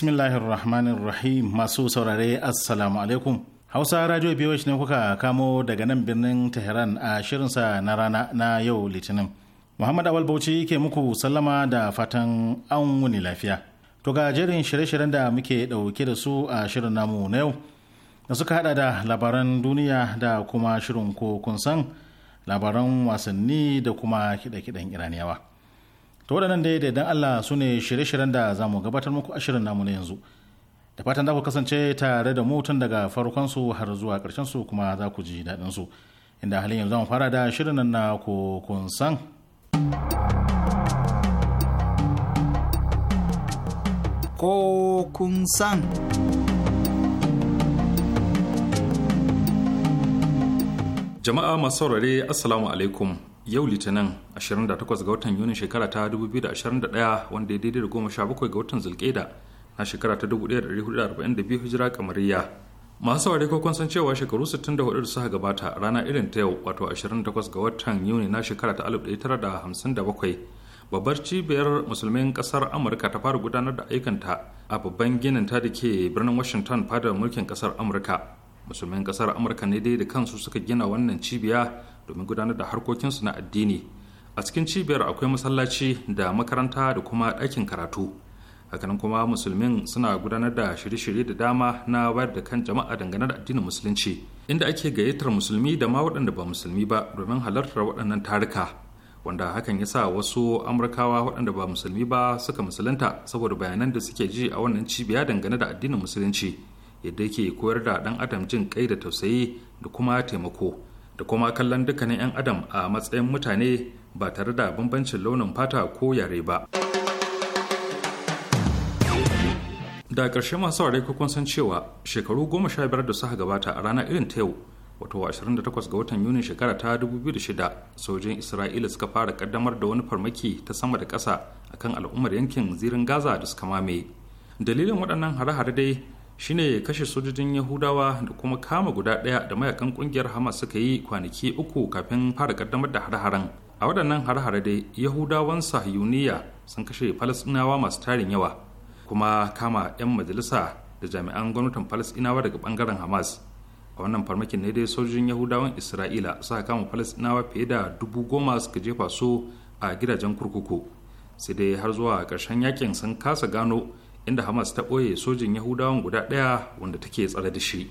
Bismillahir Rahmanir Rahim, masu saurare Assalamu alaikum. Hausa Radio shi ne kuka kamo daga nan birnin Tehran a shirinsa na rana na yau Litinin. Muhammad Awal Bauchi ke muku sallama da fatan an wuni lafiya. To ga jerin shirye-shiryen da muke ɗauke da su a shirin namu na yau. Da suka hada da labaran duniya da kuma shirin ko kun san labaran wasanni da kuma kiɗe-kiɗen Iraniyawa. to waɗannan dai da Allah su ne shirye-shiryen da za mu gabatar muku ashirin namu na yanzu da fatan za ku kasance tare da mu daga farkon su har zuwa ƙarshen su kuma za ku ji daɗin su inda halin yanzu mu fara da shirin nan na kun san ko kun san jama'a masu saurare assalamu alaikum yau litinin 28 ga watan Yuni shekara ta 2021 wanda ya daidai da 17 ga watan zulkeda na shekara ta 1442 hijira kamariya masu saurari ko kun san cewa shekaru 64 da suka gabata rana irin ta yau wato 28 ga watan yuni na shekara ta 1957 babbar cibiyar musulmin kasar amurka ta fara gudanar da aikanta a babban ginin ta da ke birnin washington fadar mulkin kasar amurka musulmin kasar amurka ne dai da kansu suka gina wannan cibiya domin gudanar da harkokinsu na addini a cikin cibiyar akwai masallaci da makaranta da kuma ɗakin karatu hakanan kuma musulmin suna gudanar da shirye-shirye da dama na wayar da kan jama'a dangane da addinin musulunci inda ake gayyatar musulmi da ma waɗanda ba musulmi ba domin halartar waɗannan tarika wanda hakan ya sa wasu amurkawa waɗanda ba musulmi ba suka musulunta saboda bayanan da suke ji a wannan cibiya dangane da addinin musulunci yadda yake koyar da ɗan adam jin kai da tausayi da kuma taimako da kuma kallon dukkanin 'yan adam a matsayin mutane ba tare da bambancin launin fata ko yare ba da ƙarshe masu ware kukun san cewa shekaru goma sha biyar da suka gabata a ranar irin ta yau wato 28 ga watan yunin shekara ta 2006 sojin isra'ila suka fara kaddamar da wani farmaki ta sama da ƙasa akan al'ummar yankin zirin gaza da suka mame dalilin waɗannan hare-hare dai shine kashe sojojin yahudawa da kuma kama guda ɗaya da mayakan ƙungiyar hamas suka yi kwanaki uku kafin fara kaddamar da har a waɗannan har-hare dai yahudawan sahiyuniya sun kashe Falasinawa masu tarin yawa kuma kama 'yan majalisa da jami'an gwamnatin Falasinawa daga bangaren hamas a wannan farmakin ne dai sojojin yahudawan isra'ila suka kama Falasinawa fiye da dubu goma suka jefa su a gidajen kurkuku sai dai har zuwa ƙarshen yakin sun kasa gano inda hamas ta ɓoye sojin yahudawan guda ɗaya wanda take tsare da shi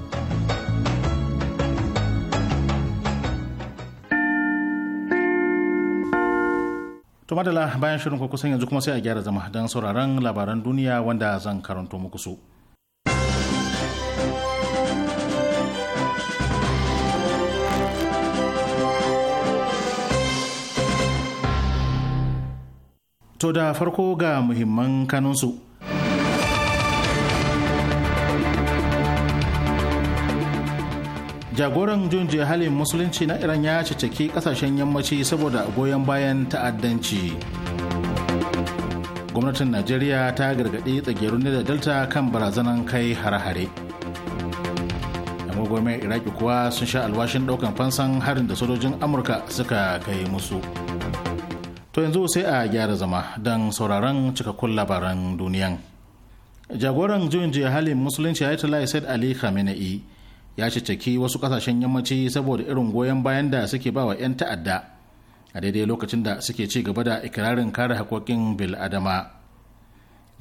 to madala bayan shirin ku kusan yanzu kuma sai a gyara zama don sauraron labaran duniya wanda zan karanto muku su to da farko ga muhimman kanunsu jagoran junji halin musulunci na iran ya ceceki kasashen yammaci saboda goyon bayan ta'addanci gwamnatin najeriya ta gargaɗi tsagerun da delta kan barazanan kai hare-hare gwamnatin iraki kuwa sun sha alwashin ɗaukan fansan harin da sojojin amurka suka kai musu to yanzu sai a gyara zama don sauraron cikakkun labaran duniyan jagoran juyin halin musulunci ayatollah said ali khamenei ya ciceki wasu kasashen yammaci saboda irin goyon bayan da suke ba wa 'yan ta'adda a daidai lokacin da suke ci gaba da ikirarin kare bil adama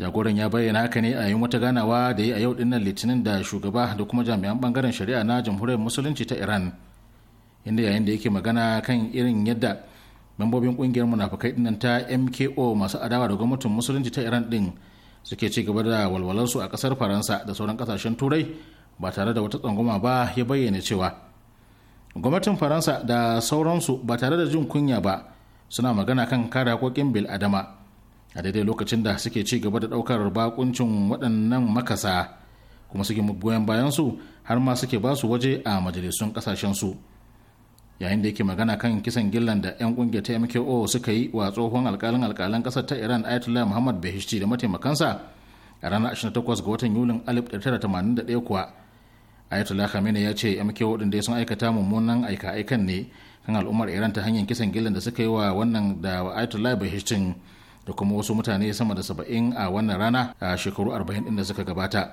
jagoran ya bayyana haka ne a yin wata ganawa da yi a yau dinnan litinin da shugaba da kuma jami'an bangaren shari'a na jamhuriyar musulunci ta iran inda yayin da yake magana kan irin yadda membobin kungiyar munafukai dinnan ta mko masu adawa da gwamnatin musulunci ta iran din suke ci gaba da walwalarsu a kasar faransa da sauran kasashen turai ba tare da wata tsangwama ba ya bayyana cewa gwamnatin faransa da sauransu ba tare da jin kunya ba suna magana kan kare haƙoƙin bil adama a daidai lokacin da suke ci gaba da ɗaukar bakuncin waɗannan makasa kuma suke goyon su har ma suke ba su waje a majalisun su yayin da yake magana kan kisan gillan da 'yan ƙungiyar ta mko suka yi wa tsohon alkalin alkalan ƙasar ta iran ayatollah muhammad bahishti da mataimakansa a ranar 28 ga watan yulin 1981 kuwa ayatollah khamenei ya ce mk waɗanda sun aikata mummunan aika-aikan ne kan al'ummar iran ta hanyar kisan gillan da suka yi wa wannan da ayatollah bahishtin da kuma wasu mutane sama da saba'in a wannan rana a shekaru arba'in din da suka gabata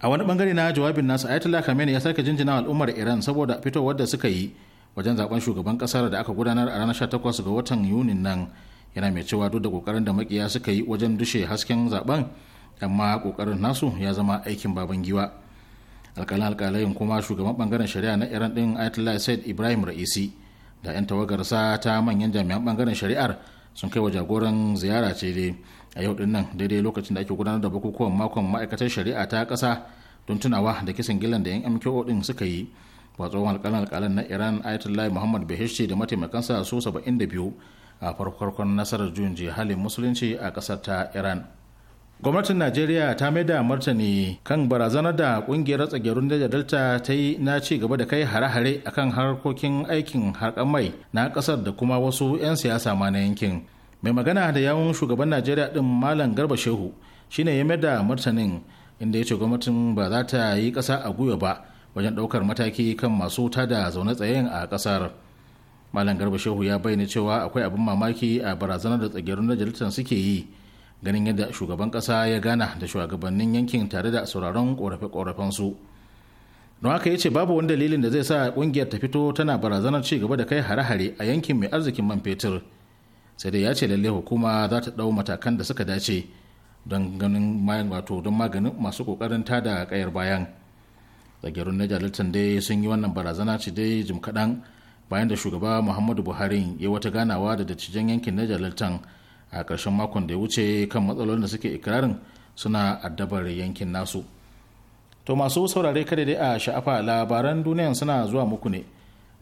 a wani bangare na jawabin nasu ayatollah khamenei ya sake jinjina al'ummar iran saboda fitowar da suka yi wajen zaben shugaban kasar da aka gudanar a ranar 18 ga watan yunin nan yana mai cewa duk da kokarin da makiya suka yi wajen dushe hasken zaben amma kokarin nasu ya zama aikin baban giwa alkalin alkalayin kuma shugaban bangaren shari'a na iran din ayatollah said ibrahim ra'isi da 'yan tawagarsa ta manyan jami'an bangaren shari'ar sun kai wa jagoran ziyara ce dai a yau din nan daidai lokacin da ake gudanar da bukukuwan makon ma'aikatar shari'a ta ƙasa don tunawa da kisan gillan da 'yan mko din suka yi ba tsohon alkalin alkalin na iran ayatollah muhammad bahishti da mataimakansa su 72 a farkon nasarar juyin halin musulunci a kasar ta iran gwamnatin najeriya ta mai da martani kan barazanar da kungiyar tsagerun da delta ta yi na ci gaba da kai hare-hare akan harkokin aikin harkar mai na kasar da kuma wasu 'yan siyasa ma na yankin mai magana da yawun shugaban najeriya din malam garba shehu shine ya mai da martanin inda ya ce gwamnatin ba za ta yi kasa a gwiwa ba wajen daukar mataki kan masu tada zaune tsayen a kasar malam garba shehu ya bayyana cewa akwai abin mamaki a barazanar da tsagerun da suke yi ganin yadda shugaban kasa ya gana da shugabannin yankin tare da sauraron korafe-korafen su don haka ya ce babu wani dalilin da zai sa kungiyar ta fito tana barazanar ci gaba da kai hare-hare a yankin mai arzikin man fetur sai dai ya ce lalle hukuma za ta dau matakan da suka dace don ganin wato don maganin masu kokarin tada kayar bayan tsagerun na jalitan dai sun yi wannan barazana ce dai jim kaɗan bayan da shugaba muhammadu buhari ya wata ganawa da dattijan yankin na jalitan a ƙarshen makon da ya wuce kan matsalolin da suke ikirarin suna addabar yankin nasu to masu saurare kada dai a sha'afa labaran duniyan suna zuwa muku ne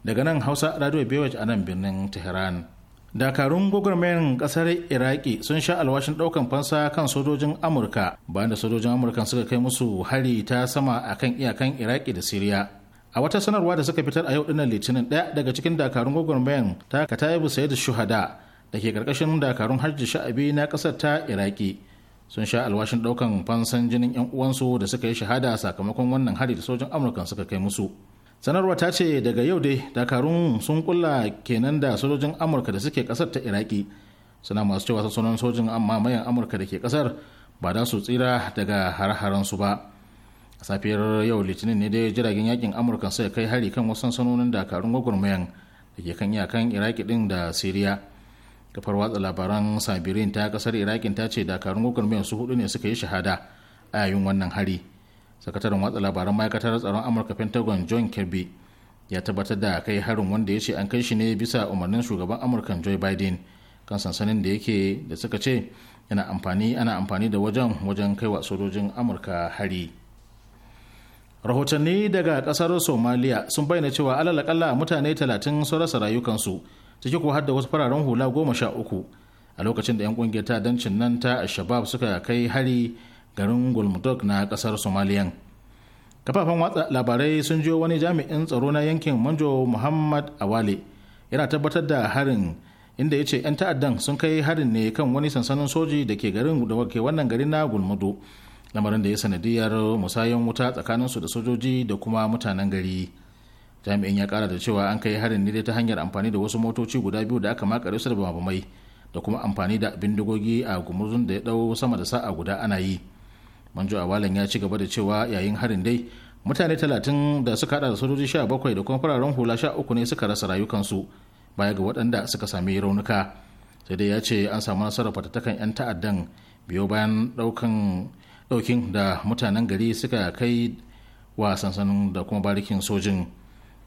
daga nan hausa radio bewaj a nan birnin tehran dakarun gwagwarmayar kasar iraki sun sha alwashin ɗaukan fansa kan sojojin amurka bayan da sojojin amurka suka kai musu hari ta sama akan iyakan iraki da siriya a wata sanarwa da suka fitar a yau dinnan litinin daya daga cikin dakarun gwagwarmayar ta katayibu sayyid shuhada da ke karkashin dakarun hajji sha'abi na kasar ta iraki sun sha alwashin ɗaukan fansan jinin yan uwansu da suka yi shahada sakamakon wannan hari da sojin amurka suka kai musu sanarwa ta ce daga yau dai dakarun sun kulla kenan da sojojin amurka da suke kasar ta iraki suna masu cewa sunan sojin amma mayan amurka da ke kasar ba da su tsira daga hare su ba a safiyar yau litinin ne dai jiragen yakin amurka suka kai hari kan wasu sansanonin dakarun gwagwarmayan da ke kan iyakan iraki din da siriya kafar watsa labaran sabirin ta kasar irakin ta ce dakarun gwagwarmayar su hudu ne suka yi shahada a yayin wannan hari sakataren watsa labaran ma'aikatar tsaron amurka pentagon john kirby ya tabbatar da kai harin wanda ya ce an kai shi ne bisa umarnin shugaban amurka joe biden kan sansanin da yake da suka ce yana amfani ana amfani da wajen wajen kai wa sojojin amurka hari rahotanni daga kasar somaliya sun bayyana cewa alalakalla mutane 30 sun rasa rayukansu ciki ko har da wasu fararen hula goma sha uku a lokacin da 'yan kungiyar ta'addancin nan ta shabab suka kai hari garin gulmudok na kasar somaliyan kafafen watsa labarai sun jiyo wani jami'in tsaro na yankin manjo muhammad awale yana tabbatar da harin inda ya ce 'yan ta'addan sun kai harin ne kan wani sansanin soji da ke garin da wake wannan garin na gulmudu lamarin da ya sanadiyar musayen wuta tsakanin su da sojoji da kuma mutanen gari. jami'in ya kara da cewa an kai harin ne ta hanyar amfani da wasu motoci guda biyu da aka makare su da mai da kuma amfani da bindigogi a gumurzun da ya dau sama da sa'a guda ana yi manjo awalan ya ci gaba da cewa yayin harin dai mutane talatin da suka hada da sojoji sha bakwai da kuma fararen hula sha uku ne suka rasa rayukansu baya ga waɗanda suka sami raunuka sai dai ya ce an samu nasarar fatattakan 'yan ta'addan biyo bayan ɗaukan ɗaukin da mutanen gari suka kai wa sansanin da kuma barikin sojin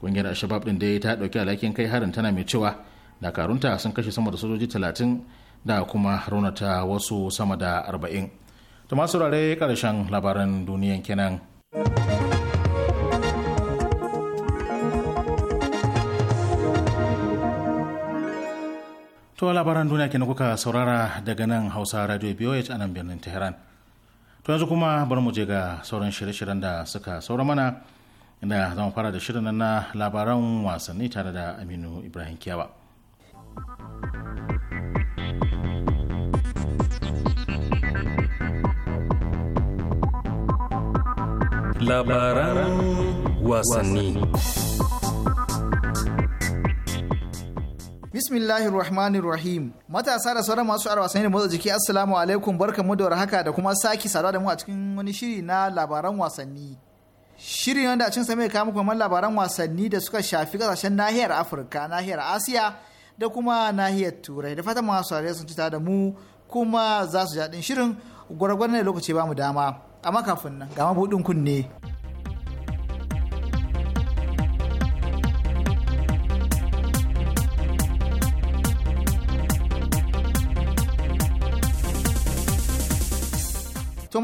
kungiyar alshabab din dai ta dauki alhakin kai harin tana mai cewa dakarunta sun kashe sama da sojoji talatin da kuma raunata wasu sama da arba'in to masu rare karshen labaran duniyan kenan to labaran duniya kenan kuka saurara daga nan hausa radio biyo a nan birnin tehran to yanzu kuma bar mu je ga sauran shirye-shiryen da suka saura mana inda zama fara da shirin na labaran wasanni tare da aminu ibrahim kiyawa labaran wasanni rahmanir rahim. Matasa da sauran masu a wasanni da motsa jiki Assalamu alaikum barkamu da warhaka da kuma sake saduwa da mu a cikin wani shiri na labaran wasanni. Shirin wanda a cin sami kawo labaran wasanni da suka shafi kasashen nahiyar Afirka, nahiyar Asiya da kuma nahiyar Turai. Da fatan masu saurare sun ci da mu kuma za su jaɗin shirin ne lokaci ba mu dama. Amma kafin nan ga mabuɗin kunne.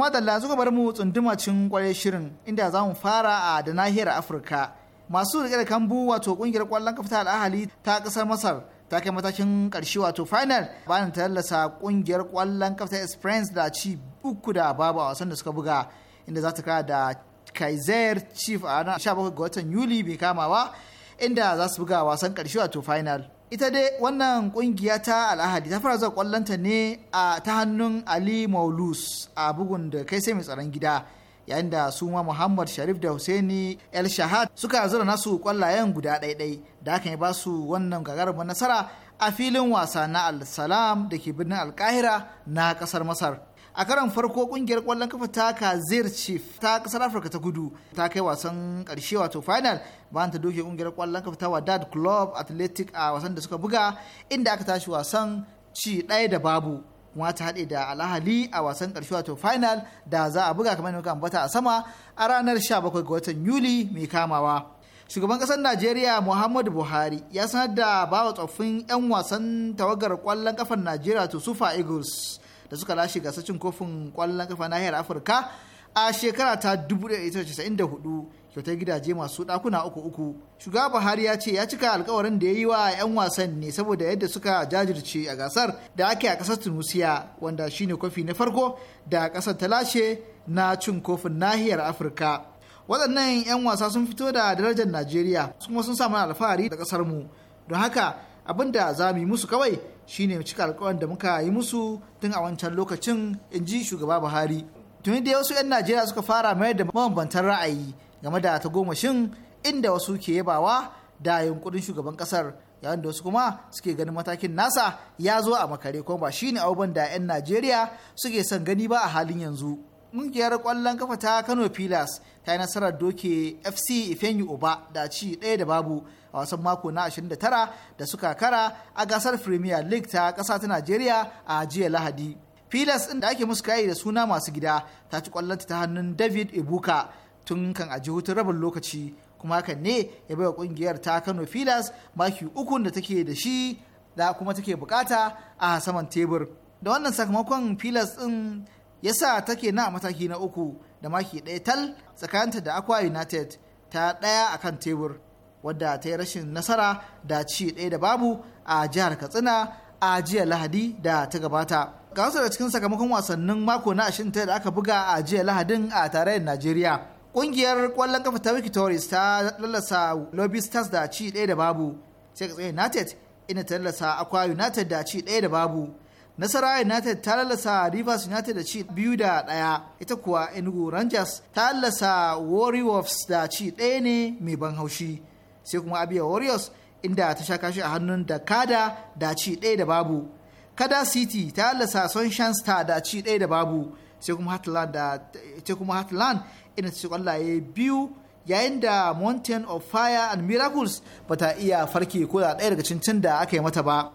dalla suka bar mu tsunduma cikin kwarai shirin inda za mu fara a da nahiyar Afirka. Masu rike da kambu wato kungiyar kwallon kafa ta al'ahali ta kasar Masar ta kai matakin karshe wato final bayan ta lallasa kungiyar kwallon kafa ta Esperance da ci uku da babu a wasan da suka buga inda za ta kara da Kaiser Chief a ranar 17 ga watan Yuli bai kamawa inda za su buga wasan karshe wato final. ita dai wannan kungiya ta al'ahadi ta fara zuwa kwallonta ne a ta hannun ali maulus a bugun da kai sai mai tsaron gida yayin da su ma muhammad sharif da husaini el shahad suka zura nasu kwallayen guda ɗaiɗai da hakan ya ba su wannan gagarumin nasara a filin wasa na al-salam da ke birnin alkahira na ƙasar masar a karan farko kungiyar kwallon kafa ta kazir chief ta kasar afirka ta kudu ta kai wasan karshe wato final bayan ta doke kungiyar kwallon kafa ta wadad club athletic a wasan da suka buga inda aka tashi wasan ci ɗaya da babu kuma ta haɗe da alahali a wasan karshe wato final da za a buga kamar yadda ambata a sama a ranar 17 ga watan yuli mai kamawa shugaban ƙasar najeriya muhammadu buhari ya sanar da bawa tsoffin 'yan wasan tawagar ƙwallon kafar najeriya to super eagles da suka lashe gasar cin kofin kwallon kafa nahiyar afirka a shekara ta 1994 kyautar gidaje masu ɗakuna uku uku shugaba buhari ya ce ya cika alkawarin da ya yi wa 'yan wasan ne saboda yadda suka jajirce a gasar da ake a kasar tunusiya wanda shine kofi na farko da kasar ta lashe na cin kofin nahiyar afirka waɗannan 'yan wasa sun fito da darajar najeriya kuma sun samu alfahari da kasar mu don haka abin da za mu yi musu kawai shine cika alkawarin da muka yi musu tun a wancan lokacin in ji shugaba buhari tuni da wasu 'yan najeriya suka fara mayar da mabambantan ra'ayi game da tagomashin inda wasu ke yabawa da yunkurin shugaban kasar yayin da wasu kuma suke ganin matakin nasa ya zo a makare kuma ba shine abubuwan da 'yan najeriya suke son gani ba a halin yanzu Ƙungiyar ƙwallon kafa ta Kano Pilas ta yi nasarar doke FC Ifeanyi Oba da ci ɗaya da babu a wasan mako na 29 da suka kara a gasar Premier League ta ƙasa ta Najeriya a jiya Lahadi. Pilas ɗin da ake musu kayi da suna masu gida ta ci ƙwallonta ta hannun David ibuka tun kan aji hutun rabin lokaci kuma hakan ne ya baiwa ƙungiyar ta Kano Pilas maki ukun da take da shi da kuma take bukata a saman tebur. Da wannan sakamakon Pilas ɗin Ya yasa take na mataki na uku da maki ɗaya tal tsakaninta da Aqua United ta ɗaya a kan tebur wadda ta yi rashin nasara da ci ɗaya da babu a jihar Katsina a jiya Lahadi da ta gabata. Ga wasu da cikin sakamakon wasannin mako na ashirin da aka buga a jiya Lahadin a tarayyar Najeriya. Ƙungiyar ƙwallon kafa ta wiki Tories ta lallasa Lobby Stars da ci ɗaya da babu. Sai United ina ta lallasa Aqua United da ci ɗaya da babu. nasara united ta lalasa rivers united da ci biyu da ɗaya ita kuwa enugu rangers ta lalasa warriors da ci ɗaya ne mai ban haushi sai kuma abia warriors inda ta sha kashi a hannun da kada da ci ɗaya da babu kada city ta lalasa sunshine star da ci ɗaya da babu sai kuma heartland da ita kuma heartland ina ci kwallaye biyu yayin da mountain of fire and miracles bata iya farke ko da ɗaya daga cincin da aka yi mata ba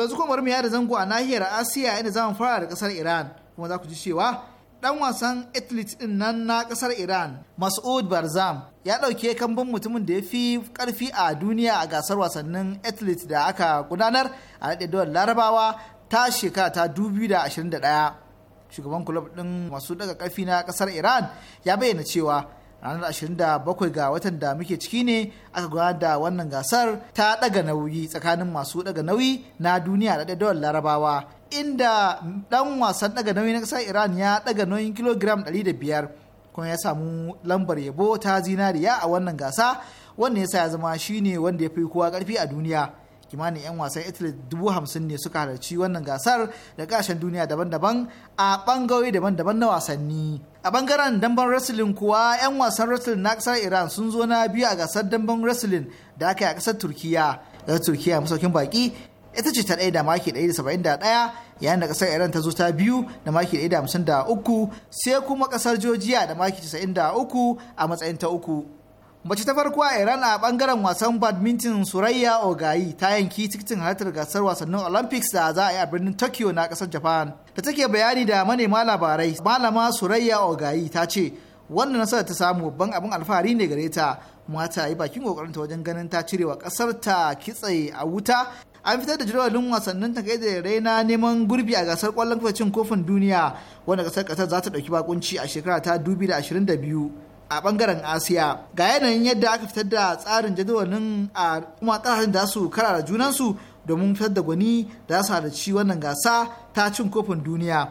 yanzu kuma mu yada zango a nahiyar Asiya inda zamu fara da kasar Iran kuma za ku ji cewa dan wasan athlete din nan na kasar Iran Mas'ud Barzam ya dauke kambun mutumin da ya fi karfi a duniya a gasar wasannin athlete da aka gudanar a dawar Larabawa ta shekara ta 2021. Shugaban kulob din masu daga karfi na kasar Iran ya bayyana cewa ranar 27 ga watan da muke ciki ne aka gudanar da wannan gasar ta daga nauyi tsakanin masu daga nauyi na duniya da dawar larabawa inda dan wasan daga nauyi na kasar iran ya daga nauyin kilogram 500 kuma ya samu lambar yabo ta zinariya a wannan gasa wanda ya sa ya zama shine wanda ya fi kowa karfi a duniya kimanin 'yan wasan italy dubu hamsin ne suka halarci wannan gasar da kashen duniya daban-daban a bangarori daban-daban na wasanni a bangaren damban wrestling kuwa 'yan wasan wrestling na kasar iran sun zo na biyu a gasar damban wrestling da aka yi a kasar turkiya kasar turkiya masaukin baki ita ce ta ɗaya da maki 171 yayin da kasar iran ta zo ta biyu da maki 153 sai kuma kasar georgia da maki 93 a matsayin ta uku mace ta farko a iran a bangaren wasan badminton surayya ogayi ta yanki tikitin halartar gasar wasannin olympics da za a yi a birnin tokyo na kasar japan da take bayani da manema labarai malama surayya ogayi ta ce wannan nasarar ta samu babban abin alfahari ne gare ta mata yi bakin kokarinta wajen ganin ta cire wa kasar ta kitse a wuta an fitar da jadawalin wasannin ta da raina neman gurbi a gasar kwallon kofin duniya wanda kasar kasar za ta dauki bakunci a shekara ta 2022 a bangaren asiya ga yanayin yadda aka fitar da tsarin jadawalin a kuma kasashen da su kara da junansu domin fitar da gwani da su halarci wannan gasa ta cin kofin duniya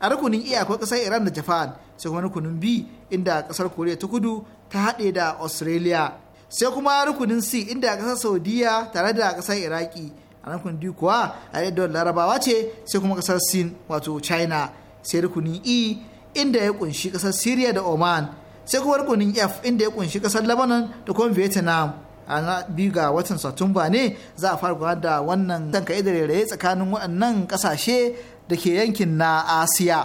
a rukunin iya e akwai kasar iran da japan sai kuma rukunin b inda kasar koriya ta kudu ta haɗe da australia sai kuma rukunin c inda kasar saudiya tare da kasar iraki a rukunin d kuwa a yadda larabawa ce sai kuma kasar sin wato china sai rukunin e inda ya kunshi kasar syria da oman sai kuma rukunin f inda ya kunshi kasar lebanon da kuma vietnam a na biyu ga watan satumba ne za a fara da wannan kan da raye-raye tsakanin waɗannan ƙasashe da ke yankin na asiya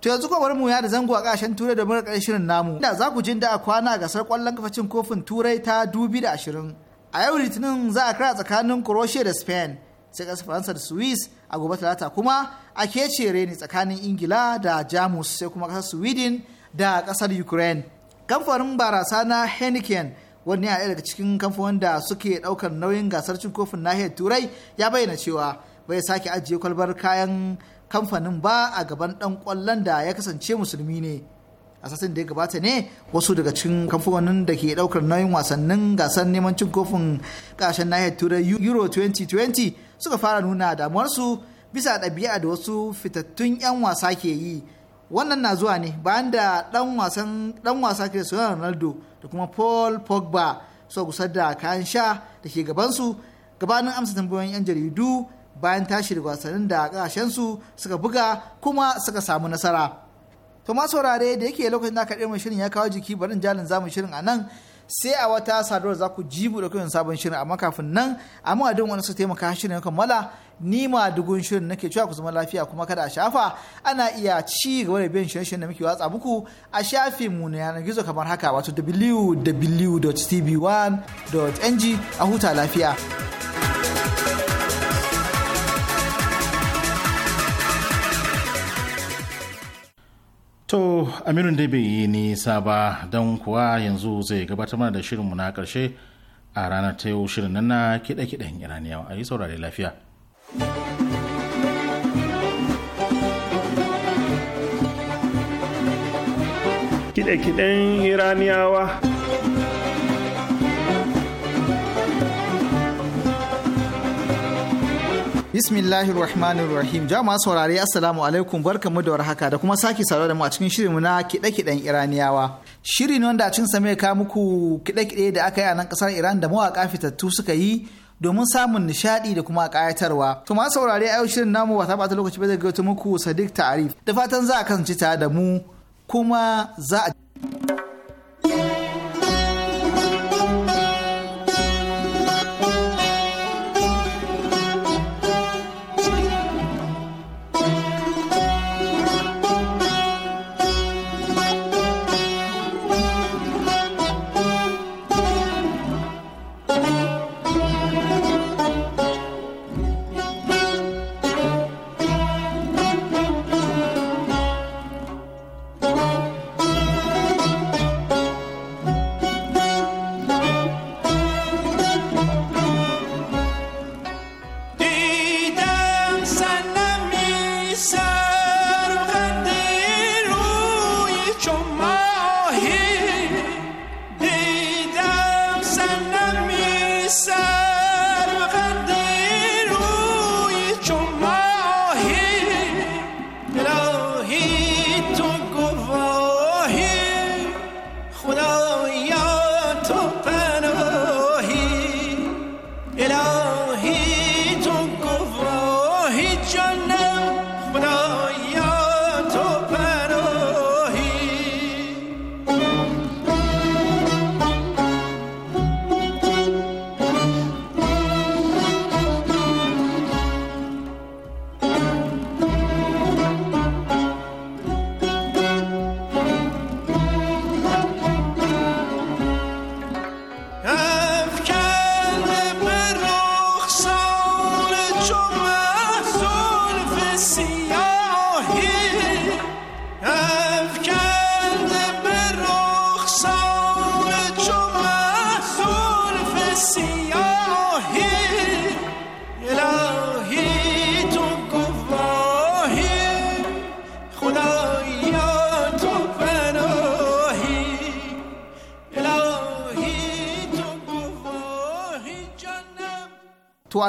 To yanzu kwabar mu ya da zango a kashen turai da mura shirin namu. Da za ku jin da a kwana gasar kwallon kafacin kofin turai ta dubi da ashirin. a yau litinin za a kira tsakanin croatia da spain sai ƙasar faransa da swiss a gobe talata kuma a kece ne tsakanin ingila da jamus sai kuma ƙasar sweden da ƙasar ukraine kamfanin barasa na henneken wani a daga cikin kamfanin da suke ɗaukar nauyin gasar cin kofin nahiyar turai ya bayyana cewa bai sake ajiye kwalbar kayan kamfanin ba a gaban ɗan kwallon da ya kasance musulmi ne asasin da ya gabata ne wasu daga cikin kamfanonin da ke daukar nauyin wasannin gasar neman cin kofin kasashen nahiyar turai euro 2020 suka fara nuna damuwarsu bisa ɗabi'a da wasu fitattun 'yan wasa ke yi wannan na zuwa ne bayan da ɗan wasa ke wasa cristiano ronaldo da kuma paul pogba suka gusar da kayan sha da ke gabansu gabanin amsa tambayoyin 'yan jaridu bayan tashi da wasannin da kasashensu suka buga kuma suka samu nasara to ma saurare da yake lokacin da aka karɓe shirin ya kawo jiki barin jalin zamu shirin a nan sai a wata sadarwa za ku ji da kuyin sabon shirin amma kafin nan a madadin wani su taimaka shirin ya kammala ni ma dugun shirin nake cewa ku zama lafiya kuma kada a shafa ana iya ci gaba da biyan shirin da muke watsa muku a shafin mu na yanar gizo kamar haka wato www.tv1.ng a huta lafiya. To Aminu da bai yi nisa ba don kuwa yanzu zai gabatar mana da shirinmu na ƙarshe a ranar ta yau shirin nan na kiɗe-kiɗen Iraniyawa a yi saurare lafiya. Kiɗe-kiɗen Iraniyawa. Bismillahir Rahmanir Rahim. Jama'a saurari Assalamu alaikum barkamu da warhaka da kuma sake saurare da mu a cikin shirinmu na kiɗe-kiɗen Iraniyawa. Shiri ne wanda a cikin sa ka muku kiɗe-kiɗe da aka yi a nan kasar Iran da mawaka fitattu suka yi domin samun nishadi da kuma kayatarwa. To ma saurari a yau shirin namu ba ta bata lokaci ba zai gaito muku Sadiq Ta'arif. Da fatan za a kasance ta da mu kuma za a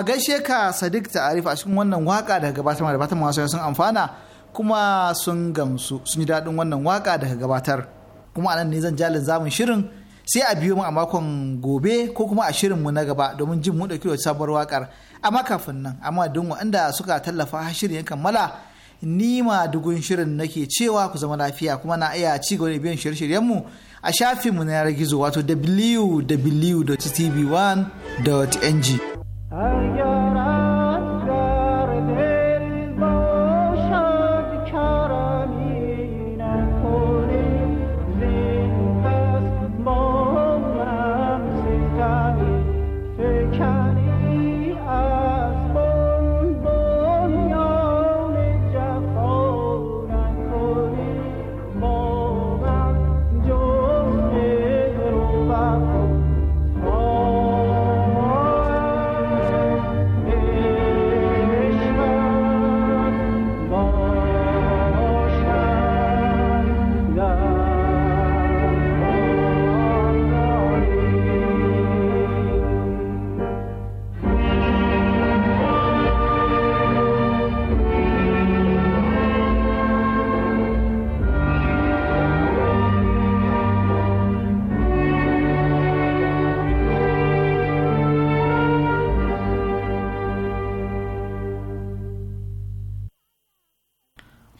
a gaishe ka Sadiq Ta'arif a cikin wannan waka daga gabatar da fatan masu sun amfana kuma sun gamsu sun ji daɗin wannan waka daga gabatar kuma anan ne zan jalin zamun shirin sai a biyo mu a makon gobe ko kuma a shirin mu na gaba domin jin mu dauki wata sabuwar wakar amma kafin nan amma don waɗanda suka tallafa shirin ya kammala ni ma dugun shirin nake cewa ku zama lafiya kuma na iya ci gaba da biyan shirye shiryen mu a shafinmu na yanar gizo wato www.tv1.ng I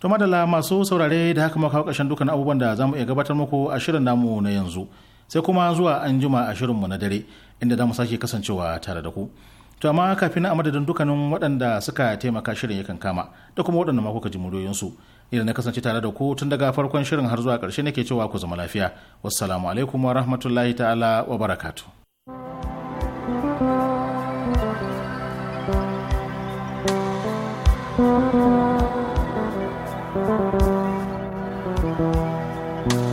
To madalla masu saurare da haka maka ƙarshen dukan abubuwan da zamu iya gabatar muku a shirin namu na yanzu. Sai kuma zuwa an jima a mu na dare inda za mu sake kasancewa tare da ku. To amma kafin a madadin dukkanin waɗanda suka taimaka shirin yakan kama da kuma waɗanda mako ka ji muryoyinsu. Idan na kasance tare da ku tun daga farkon shirin har zuwa ƙarshe nake cewa ku zama lafiya. Wassalamu alaikum wa rahmatullahi ta'ala wa barakatu. Thank you.